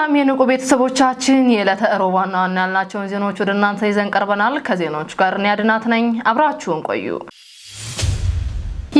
ሰላም የንቁ ቤተሰቦቻችን የዕለተ እሮብ ዋና ዋና ያልናቸውን ዜናዎች ወደ እናንተ ይዘን ቀርበናል። ከዜናዎቹ ጋር እኔ አድናት ነኝ። አብራችሁን ቆዩ።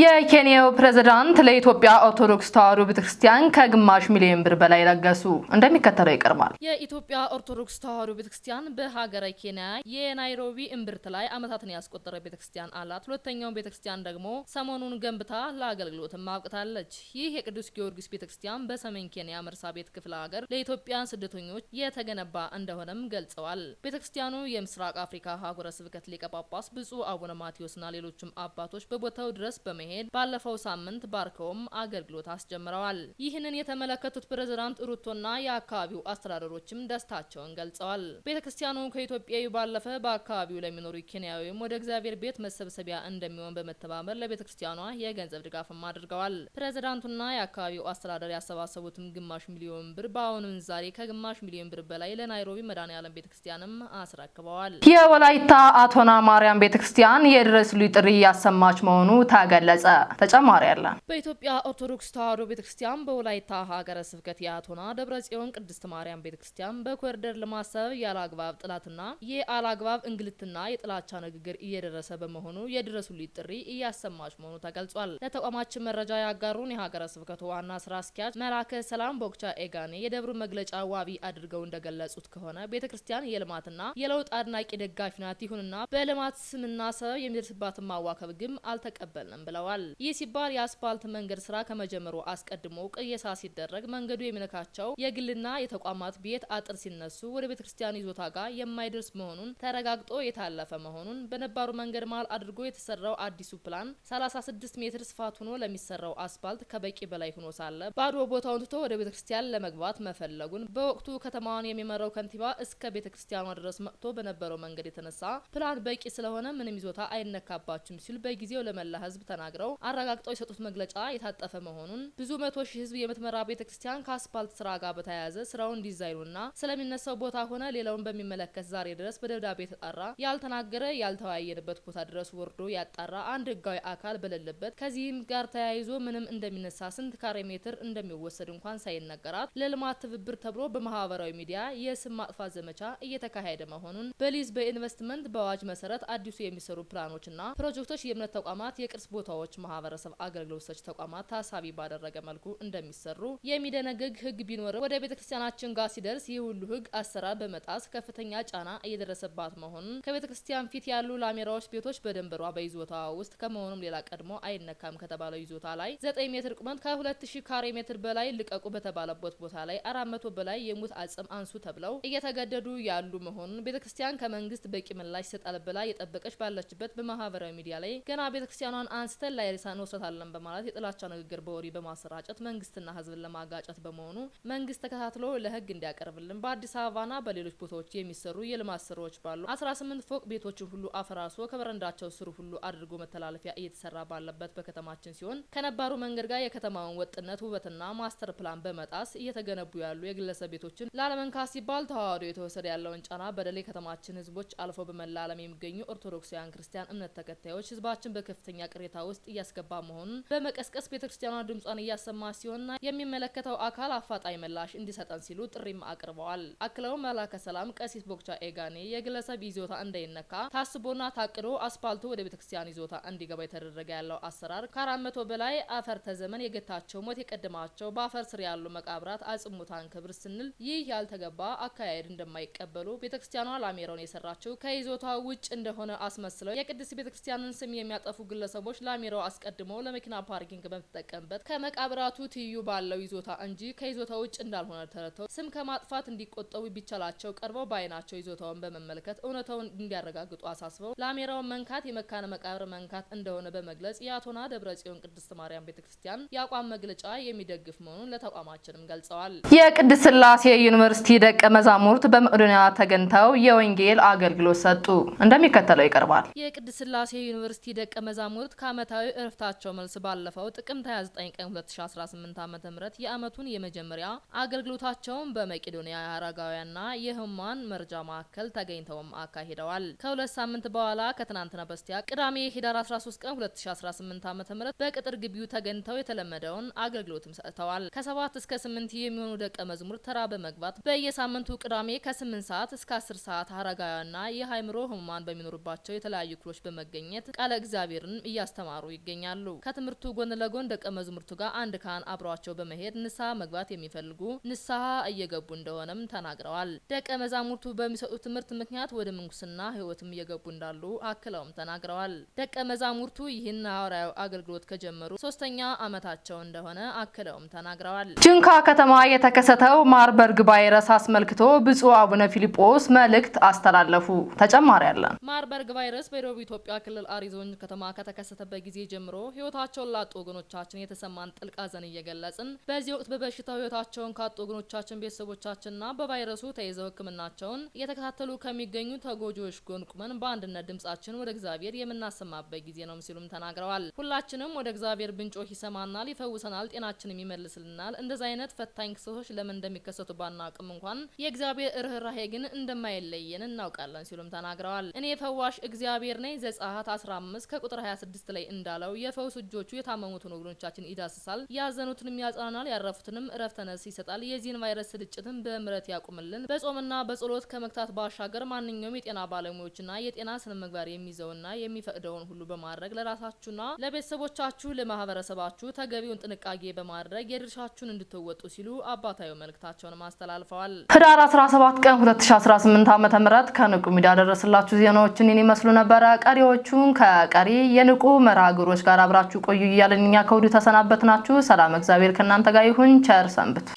የኬንያው ፕሬዝዳንት ለኢትዮጵያ ኦርቶዶክስ ተዋሕዶ ቤተክርስቲያን ከግማሽ ሚሊዮን ብር በላይ ለገሱ። እንደሚከተለው ይቀርባል። የኢትዮጵያ ኦርቶዶክስ ተዋሕዶ ቤተክርስቲያን በሀገረ ኬንያ የናይሮቢ እምብርት ላይ ዓመታትን ያስቆጠረ ቤተክርስቲያን አላት። ሁለተኛውን ቤተክርስቲያን ደግሞ ሰሞኑን ገንብታ ለአገልግሎትም ማብቅታለች። ይህ የቅዱስ ጊዮርጊስ ቤተክርስቲያን በሰሜን ኬንያ መርሳ ቤት ክፍለ ሀገር ለኢትዮጵያ ስደተኞች የተገነባ እንደሆነም ገልጸዋል። ቤተክርስቲያኑ የምስራቅ አፍሪካ ሀገረ ስብከት ሊቀ ጳጳስ ብፁዕ አቡነ ማቴዎስና ሌሎችም አባቶች በቦታው ድረስ በመሄድ በመሄድ ባለፈው ሳምንት ባርከውም አገልግሎት አስጀምረዋል። ይህንን የተመለከቱት ፕሬዝዳንት ሩቶና የአካባቢው አስተዳደሮችም ደስታቸውን ገልጸዋል። ክርስቲያኑ ከኢትዮጵያዊ ባለፈ በአካባቢው ለሚኖሩ ኬንያዊም ወደ እግዚአብሔር ቤት መሰብሰቢያ እንደሚሆን በመተባበር ለቤተክርስቲያኗ የገንዘብ ድጋፍም አድርገዋል። ፕሬዝዳንቱና የአካባቢው አስተዳደር ያሰባሰቡትም ግማሽ ሚሊዮን ብር በአሁኑ ዛሬ ከግማሽ ሚሊዮን ብር በላይ ለናይሮቢ መድኃኔ ዓለም ቤተክርስቲያንም አስረክበዋል። የወላይታ አቶና ማርያም ቤተክርስቲያን የድረስሉ ጥሪ ያሰማች መሆኑ ተገለጸ። ገለጸ። ተጨማሪ አለ። በኢትዮጵያ ኦርቶዶክስ ተዋሕዶ ቤተክርስቲያን በወላይታ ሀገረ ስብከት የአቶና ደብረ ጽዮን ቅድስት ማርያም ቤተክርስቲያን በኮሪደር ልማት ሰበብ ጥላትና የአላግባብ እንግልትና የጥላቻ ንግግር እየደረሰ በመሆኑ የድረሱልኝ ጥሪ እያሰማች መሆኑ ተገልጿል። ለተቋማችን መረጃ ያጋሩን የሀገረ ስብከቱ ዋና ስራ አስኪያጅ መላከ ሰላም ቦክቻ ኤጋኔ የደብሩ መግለጫ ዋቢ አድርገው እንደገለጹት ከሆነ ቤተ ክርስቲያን የልማትና የለውጥ አድናቂ ደጋፊ ናት። ይሁንና በልማት ስምና ሰበብ የሚደርስባትን ማዋከብ ግን አልተቀበልንም ብለዋል። ብለዋል። ይህ ሲባል የአስፓልት መንገድ ስራ ከመጀመሩ አስቀድሞ ቅየሳ ሲደረግ መንገዱ የሚነካቸው የግልና የተቋማት ቤት አጥር ሲነሱ ወደ ቤተ ክርስቲያን ይዞታ ጋር የማይደርስ መሆኑን ተረጋግጦ የታለፈ መሆኑን በነባሩ መንገድ መሀል አድርጎ የተሰራው አዲሱ ፕላን 36 ሜትር ስፋት ሆኖ ለሚሰራው አስፋልት ከበቂ በላይ ሆኖ ሳለ ባዶ ቦታውን ትቶ ወደ ቤተ ክርስቲያን ለመግባት መፈለጉን በወቅቱ ከተማዋን የሚመራው ከንቲባ እስከ ቤተ ክርስቲያኗ ድረስ መጥቶ በነበረው መንገድ የተነሳ ፕላን በቂ ስለሆነ ምንም ይዞታ አይነካባችሁም ሲሉ በጊዜው ለመላ ህዝብ ተናግረዋል። ተናግረው አረጋግጠው የሰጡት መግለጫ የታጠፈ መሆኑን ብዙ መቶ ሺህ ህዝብ የምትመራ ቤተ ክርስቲያን ከአስፓልት ስራ ጋር በተያያዘ ስራውን ዲዛይኑና ስለሚነሳው ቦታ ሆነ ሌላውን በሚመለከት ዛሬ ድረስ በደብዳቤ የተጣራ ያልተናገረ ያልተወያየንበት ቦታ ድረስ ወርዶ ያጣራ አንድ ህጋዊ አካል በሌለበት ከዚህም ጋር ተያይዞ ምንም እንደሚነሳ ስንት ካሬ ሜትር እንደሚወሰድ እንኳን ሳይነገራት ለልማት ትብብር ተብሎ በማህበራዊ ሚዲያ የስም ማጥፋት ዘመቻ እየተካሄደ መሆኑን በሊዝ በኢንቨስትመንት በአዋጅ መሰረት አዲሱ የሚሰሩ ፕላኖችና ፕሮጀክቶች የእምነት ተቋማት የቅርስ ቦታዎች ስራዎች ማህበረሰብ አገልግሎት ተቋማት ታሳቢ ባደረገ መልኩ እንደሚሰሩ የሚደነግግ ህግ ቢኖርም ወደ ቤተ ክርስቲያናችን ጋር ሲደርስ ይህ ሁሉ ህግ አሰራር በመጣስ ከፍተኛ ጫና እየደረሰባት መሆኑን ከቤተ ክርስቲያን ፊት ያሉ ላሜራዎች ቤቶች በደንበሯ በይዞታ ውስጥ ከመሆኑም ሌላ ቀድሞ አይነካም ከተባለው ይዞታ ላይ 9 ሜትር ቁመት ከ ሺ ካሬ ሜትር በላይ ልቀቁ በተባለበት ቦታ ላይ 400 በላይ የሙት አጽም አንሱ ተብለው እየተገደዱ ያሉ መሆኑን ቤተ ክርስቲያን ከመንግስት በቂ ምላሽ ይሰጣል ብላ የጠበቀች ባለችበት በማህበራዊ ሚዲያ ላይ ገና ቤተ ክርስቲያኗን አንስተ ላይ የሬሳን ውስረት አለን በማለት የጥላቻ ንግግር በወሬ በማሰራጨት መንግስትና ህዝብን ለማጋጨት በመሆኑ መንግስት ተከታትሎ ለህግ እንዲያቀርብልን በአዲስ አበባና በሌሎች ቦታዎች የሚሰሩ የልማት ስራዎች ባሉ አስራ ስምንት ፎቅ ቤቶችን ሁሉ አፈራርሶ ከበረንዳቸው ስሩ ሁሉ አድርጎ መተላለፊያ እየተሰራ ባለበት በከተማችን ሲሆን ከነባሩ መንገድ ጋር የከተማውን ወጥነት ውበትና ማስተር ፕላን በመጣስ እየተገነቡ ያሉ የግለሰብ ቤቶችን ላለመንካ ሲባል ተዋህዶ የተወሰደ ያለውን ጫና በደል የከተማችን ህዝቦች አልፎ በመላ ዓለም የሚገኙ ኦርቶዶክሳውያን ክርስቲያን እምነት ተከታዮች ህዝባችን በከፍተኛ ቅሬታ ውስጥ ውስጥ እያስገባ መሆኑን በመቀስቀስ ቤተክርስቲያኗ ድምጿን እያሰማ ሲሆን የሚመለከተው አካል አፋጣኝ ምላሽ እንዲሰጠን ሲሉ ጥሪም አቅርበዋል። አክለው መላከ ሰላም ቀሲስ ቦክቻ ኤጋኔ የግለሰብ ይዞታ እንዳይነካ ታስቦና ታቅዶ አስፓልቱ ወደ ቤተክርስቲያን ይዞታ እንዲገባ የተደረገ ያለው አሰራር ከአራት መቶ በላይ አፈር ተዘመን የገታቸው ሞት የቀድማቸው በአፈር ስር ያሉ መቃብራት አጽሙታን ክብር ስንል ይህ ያልተገባ አካሄድ እንደማይቀበሉ ቤተክርስቲያኗ ላሜራውን የሰራቸው ከይዞታ ውጭ እንደሆነ አስመስለው የቅድስት ቤተክርስቲያንን ስም የሚያጠፉ ግለሰቦች ላሜ ቢሮ አስቀድሞ ለመኪና ፓርኪንግ በምትጠቀምበት ከመቃብራቱ ትይዩ ባለው ይዞታ እንጂ ከይዞታ ውጭ እንዳልሆነ ተረድተው ስም ከማጥፋት እንዲቆጠቡ ቢቻላቸው ቀርበው በአይናቸው ይዞታውን በመመልከት እውነታውን እንዲያረጋግጡ አሳስበው ላሜራውን መንካት የመካነ መቃብር መንካት እንደሆነ በመግለጽ የአቶና ደብረ ጽዮን ቅድስት ማርያም ቤተ ክርስቲያን የአቋም መግለጫ የሚደግፍ መሆኑን ለተቋማችንም ገልጸዋል። የቅድስት ሥላሴ ዩኒቨርሲቲ ደቀ መዛሙርት በመቄዶንያ ተገኝተው የወንጌል አገልግሎት ሰጡ። እንደሚከተለው ይቀርባል። የቅድስት ስላሴ ዩኒቨርሲቲ ደቀ መዛሙርት ከዓመታዊ ከወቅታዊ እረፍታቸው መልስ ባለፈው ጥቅምት 29 ቀን 2018 ዓ.ም የአመቱን የመጀመሪያ አገልግሎታቸውን በመቄዶንያ የአረጋውያንና የህሙማን መርጃ ማዕከል ተገኝተውም አካሂደዋል። ከሁለት ሳምንት በኋላ ከትናንትና በስቲያ ቅዳሜ ህዳር 13 ቀን 2018 ዓ.ም በቅጥር ግቢው ተገኝተው የተለመደውን አገልግሎትም ሰጥተዋል። ከ7 እስከ 8 የሚሆኑ ደቀ መዝሙር ተራ በመግባት በየሳምንቱ ቅዳሜ ከ8 ሰዓት እስከ 10 ሰዓት አረጋውያንና የሃይምሮ ህሙማን በሚኖሩባቸው የተለያዩ ክፍሎች በመገኘት ቃለ እግዚአብሔርን እያስተማሩ ይገኛሉ። ከትምህርቱ ጎን ለጎን ደቀ መዝሙርቱ ጋር አንድ ካህን አብሯቸው በመሄድ ንስሐ መግባት የሚፈልጉ ንስሐ እየገቡ እንደሆነም ተናግረዋል። ደቀ መዛሙርቱ በሚሰጡት ትምህርት ምክንያት ወደ ምንኩስና ህይወትም እየገቡ እንዳሉ አክለውም ተናግረዋል። ደቀ መዛሙርቱ ይህን ሐዋርያዊ አገልግሎት ከጀመሩ ሶስተኛ ዓመታቸው እንደሆነ አክለውም ተናግረዋል። ጅንካ ከተማ የተከሰተው ማርበርግ ቫይረስ አስመልክቶ ብፁዕ አቡነ ፊልጶስ መልእክት አስተላለፉ። ተጨማሪ አለ። ማርበርግ ቫይረስ በደቡብ ኢትዮጵያ ክልል አሪዞን ከተማ ከተከሰተበት ጊዜ ጊዜ ጀምሮ ህይወታቸውን ላጡ ወገኖቻችን የተሰማን ጥልቅ ሐዘን እየገለጽን በዚህ ወቅት በበሽታው ህይወታቸውን ካጡ ወገኖቻችን ቤተሰቦቻችንና በቫይረሱ ተይዘው ህክምናቸውን እየተከታተሉ ከሚገኙ ተጎጂዎች ጎን ቁመን በአንድነት ድምጻችን ወደ እግዚአብሔር የምናሰማበት ጊዜ ነው ሲሉም ተናግረዋል። ሁላችንም ወደ እግዚአብሔር ብንጮህ ይሰማናል፣ ይፈውሰናል፣ ጤናችንም ይመልስልናል። እንደዚህ አይነት ፈታኝ ክስተቶች ለምን እንደሚከሰቱ ባናውቅም እንኳን የእግዚአብሔር ርኅራሄ ግን እንደማይለየን እናውቃለን ሲሉም ተናግረዋል። እኔ ፈዋሽ እግዚአብሔር ነኝ ዘጸአት 15 ከቁጥር 26 ላይ እንዳለው የፈውስ እጆቹ የታመሙትን ወገኖቻችን ይዳስሳል፣ ያዘኑትንም ያጽናናል፣ ያረፉትንም እረፍተ ነፍስ ይሰጣል። የዚህን ቫይረስ ስርጭትን በምረት ያቁምልን። በጾምና በጸሎት ከመግታት ባሻገር ማንኛውም የጤና ባለሙያዎችና የጤና ስነ ምግባር የሚይዘውና የሚፈቅደውን ሁሉ በማድረግ ለራሳችሁና ለቤተሰቦቻችሁ ለማህበረሰባችሁ ተገቢውን ጥንቃቄ በማድረግ የድርሻችሁን እንድትወጡ ሲሉ አባታዊ መልእክታቸውን አስተላልፈዋል። ህዳር 17 ቀን 2018 ም ከንቁ ሚዲያ ደረስላችሁ ዜናዎችን ይህን ይመስሉ ነበረ። ቀሪዎቹን ከቀሪ የንቁ መራ ሀገሮች ጋር አብራችሁ ቆዩ እያለን እኛ ተሰናበት ናችሁ ሰላም እግዚአብሔር ከእናንተ ጋር ይሁን። ቸር ሰንብት።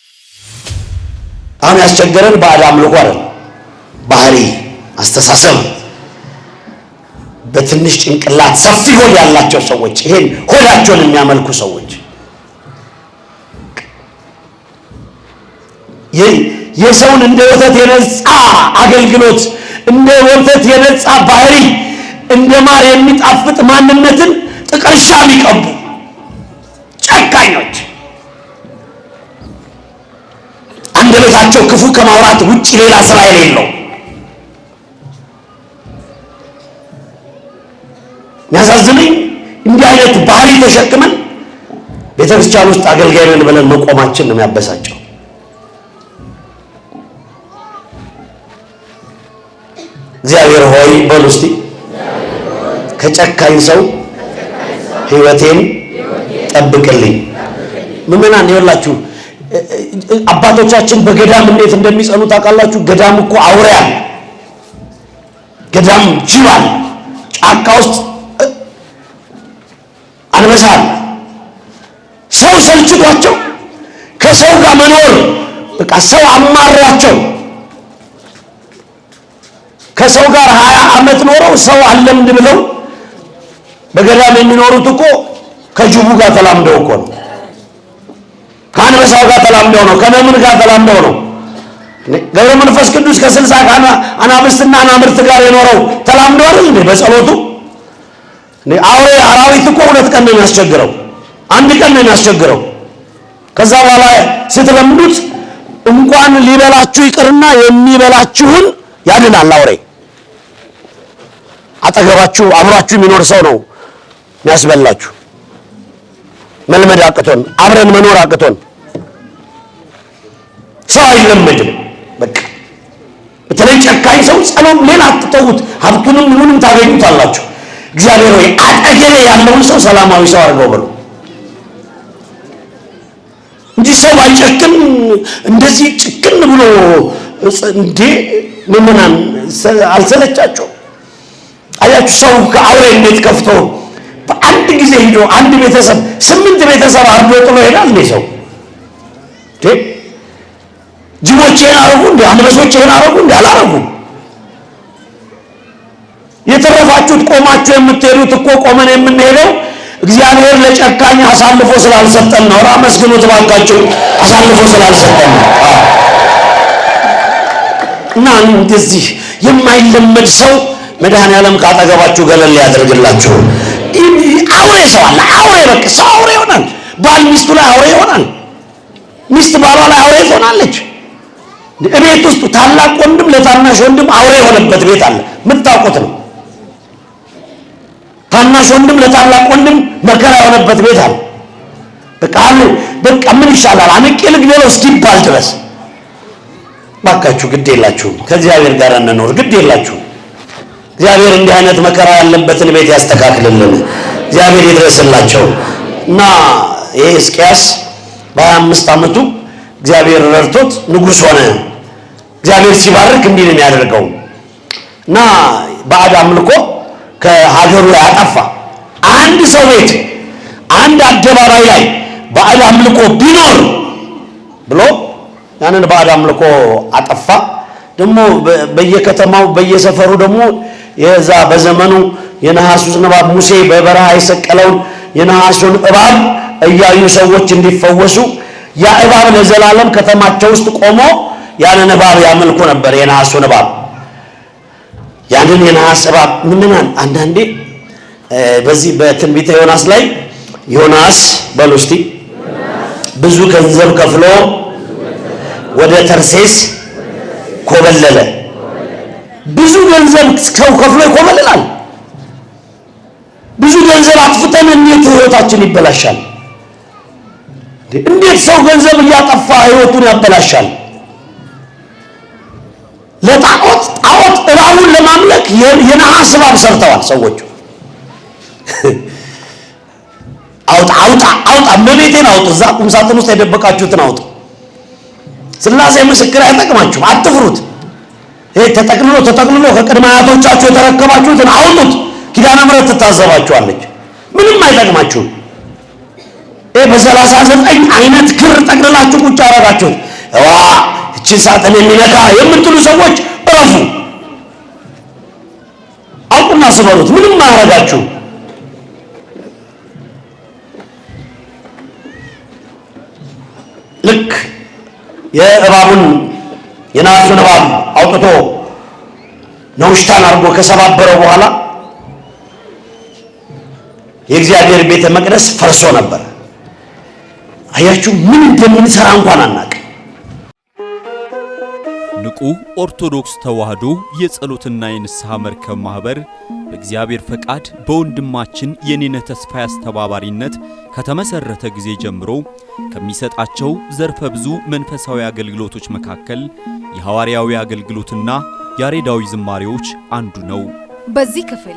አሁን ያስቸገረን ባዕድ አምልኮ አለ ባህሪ አስተሳሰብ በትንሽ ጭንቅላት ሰፊ ሆድ ያላቸው ሰዎች ይሄን ሆዳቸውን የሚያመልኩ ሰዎች የሰውን እንደ ወተት የነጻ አገልግሎት እንደ ወተት የነጻ ባህሪ እንደ ማር የሚጣፍጥ ማንነትን ጥቅርሻ የሚቀቡ ጨካኞች አንደበታቸው ክፉ ከማውራት ውጭ ሌላ ስራ የሌለው ያሳዝነኝ። እንዲህ አይነት ባህሪ ተሸክመን ቤተክርስቲያን ውስጥ አገልጋይ ነን ብለን መቆማችን ነው የሚያበሳጨው። እግዚአብሔር ሆይ በሉ እስቲ ከጨካኝ ሰው ህይወቴን ጠብቅልኝ። ምምናን ይኸውላችሁ አባቶቻችን በገዳም እንዴት እንደሚጸኑ ታውቃላችሁ? ገዳም እኮ አውሪያል፣ ገዳም ጅባል፣ ጫካ ውስጥ አንበሳል። ሰው ሰልችቷቸው ከሰው ጋር መኖር በቃ ሰው አማራቸው ከሰው ጋር ሀያ ዓመት ኖረው ሰው አለምድ ብለው በገዳም የሚኖሩት እኮ ከጅቡ ጋር ተላምደው እኮ ነው። ከአንበሳው ጋር ተላምደው ነው። ከነምን ጋር ተላምደው ነው። ገብረ መንፈስ ቅዱስ ከስልሳ አናብስትና አናምርት ጋር የኖረው ተላምደው አይደል እንዴ? በጸሎቱ አውሬ አራዊት እኮ ሁለት ቀን ነው የሚያስቸግረው፣ አንድ ቀን ነው የሚያስቸግረው። ከዛ በኋላ ስትለምዱት እንኳን ሊበላችሁ ይቅርና የሚበላችሁን ያድናል አውሬ። አጠገባችሁ አብሯችሁ የሚኖር ሰው ነው ያስበላችሁ። መልመድ አቅቶን አብረን መኖር አቅቶን ሰው አይለመድም። በቃ በተለይ ጨካኝ ሰው ጸሎም ሌላ አትተውት፣ ሀብቱንም ምኑንም ታገኙታላችሁ። እግዚአብሔር ሆይ አጠገቤ ያለውን ሰው ሰላማዊ ሰው አድርገው ብሎ እንጂ ሰው ባይጨክን እንደዚህ ጭክን ብሎ እንዴ ምምናን አልሰለቻቸው አያችሁ ሰው ከአውሬነት ከፍቶ በአንድ ጊዜ ሂዶ አንድ ቤተሰብ ስምንት ቤተሰብ አርዶ ጥሎ ይሄዳል እንዴ ሰው ጅቦች ይህን አረጉ እንዴ አንበሶች ይህን አረጉ እንዴ አላረጉም የተረፋችሁት ቆማችሁ የምትሄዱት እኮ ቆመን የምንሄደው እግዚአብሔር ለጨካኝ አሳልፎ ስላልሰጠን ነው። ራ መስግኑት ባካችሁ፣ አሳልፎ ስላልሰጠን ነው እና እንደዚህ የማይለመድ ሰው መድኃኔ ዓለም ካጠገባችሁ ገለል ያደርግላችሁ። አውሬ ሰው አለ። አውሬ በቃ ሰው አውሬ ይሆናል። ባል ሚስቱ ላይ አውሬ ይሆናል። ሚስት ባሏ ላይ አውሬ ትሆናለች። እቤት ውስጥ ታላቅ ወንድም ለታናሽ ወንድም አውሬ የሆነበት ቤት አለ። የምታውቁት ነው። ታናሽ ወንድም ለታላቅ ወንድም መከራ የሆነበት ቤት አለ። በቃ በቃ ምን ይሻላል አንቄ ልግደለው እስኪባል ድረስ ባካችሁ፣ ግድ የላችሁም። ከእግዚአብሔር ጋር እንኖር፣ ግድ የላችሁም። እግዚአብሔር እንዲህ አይነት መከራ ያለበትን ቤት ያስተካክልልን። እግዚአብሔር ይድረስላቸው እና ይህ ሕዝቅያስ በሀያ አምስት ዓመቱ እግዚአብሔር ረድቶት ንጉሥ ሆነ። እግዚአብሔር ሲባርክ እንዲህ ነው የሚያደርገው እና ባዕድ አምልኮ ከሀገሩ ላይ አጠፋ። አንድ ሰው ቤት አንድ አደባባይ ላይ ባዕድ አምልኮ ቢኖር ብሎ ያንን ባዕድ አምልኮ አጠፋ። ደግሞ በየከተማው በየሰፈሩ ደግሞ የዛ በዘመኑ የነሐሱን እባብ ሙሴ በበረሃ የሰቀለውን የነሐሱን እባብ እያዩ ሰዎች እንዲፈወሱ ያ እባብ ለዘላለም ከተማቸው ውስጥ ቆሞ ያንን እባብ ያመልኩ ነበር። የነሐሱን እባብ ያንን የነሐስ እባብ ምንናን አንዳንዴ በዚህ በትንቢተ ዮናስ ላይ ዮናስ በሉ እስቲ ብዙ ገንዘብ ከፍሎ ወደ ተርሴስ ኮበለለ። ብዙ ገንዘብ ሰው ከፍሎ ይኮመልላል። ብዙ ገንዘብ አጥፍተን እንዴት ህይወታችን ይበላሻል? እንዴት ሰው ገንዘብ እያጠፋ ህይወቱን ያበላሻል? ለጣዖት ጣዖት እባቡን ለማምለክ የነሐስ እባብ ሰርተዋል ሰዎቹ። አውጣ አውጣ አውጣ፣ እመቤቴን አውጡ፣ እዛ ቁምሳጥን ውስጥ የደበቃችሁትን አውጡ። ስላሴ ምስክር አይጠቅማችሁም፣ አትፍሩት። ተጠቅልሎ ተጠቅልሎ ከቅድመ አያቶቻችሁ የተረከባችሁትን አውጡት። ኪዳነ ምሕረት ትታዘባችኋለች። ምንም አይጠቅማችሁም። ይሄ በሰላሳ ዘጠኝ አይነት ክር ጠቅልላችሁ ቁጭ አደረጋችሁት ዋ እችን ሳጥን የሚነካ የምትሉ ሰዎች እፉ አውቁና ስበሩት። ምንም አያረጋችሁ። ልክ የእባቡን የነሐሱን እባብ አውጥቶ ነውሽታን አድርጎ ከሰባበረው በኋላ የእግዚአብሔር ቤተ መቅደስ ፈርሶ ነበር። አያችሁ፣ ምን እንደምንሰራ እንኳን አናቅ። ንቁ ኦርቶዶክስ ተዋህዶ የጸሎትና የንስሐ መርከብ ማኅበር በእግዚአብሔር ፈቃድ በወንድማችን የኔነ ተስፋ አስተባባሪነት ከተመሠረተ ጊዜ ጀምሮ ከሚሰጣቸው ዘርፈ ብዙ መንፈሳዊ አገልግሎቶች መካከል የሐዋርያዊ አገልግሎትና ያሬዳዊ ዝማሬዎች አንዱ ነው። በዚህ ክፍል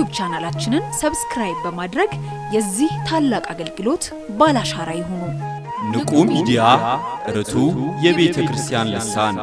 ዩቲዩብ ቻናላችንን ሰብስክራይብ በማድረግ የዚህ ታላቅ አገልግሎት ባላሻራ ይሁኑ። ንቁ ሚዲያ ርቱ የቤተ ክርስቲያን ልሳን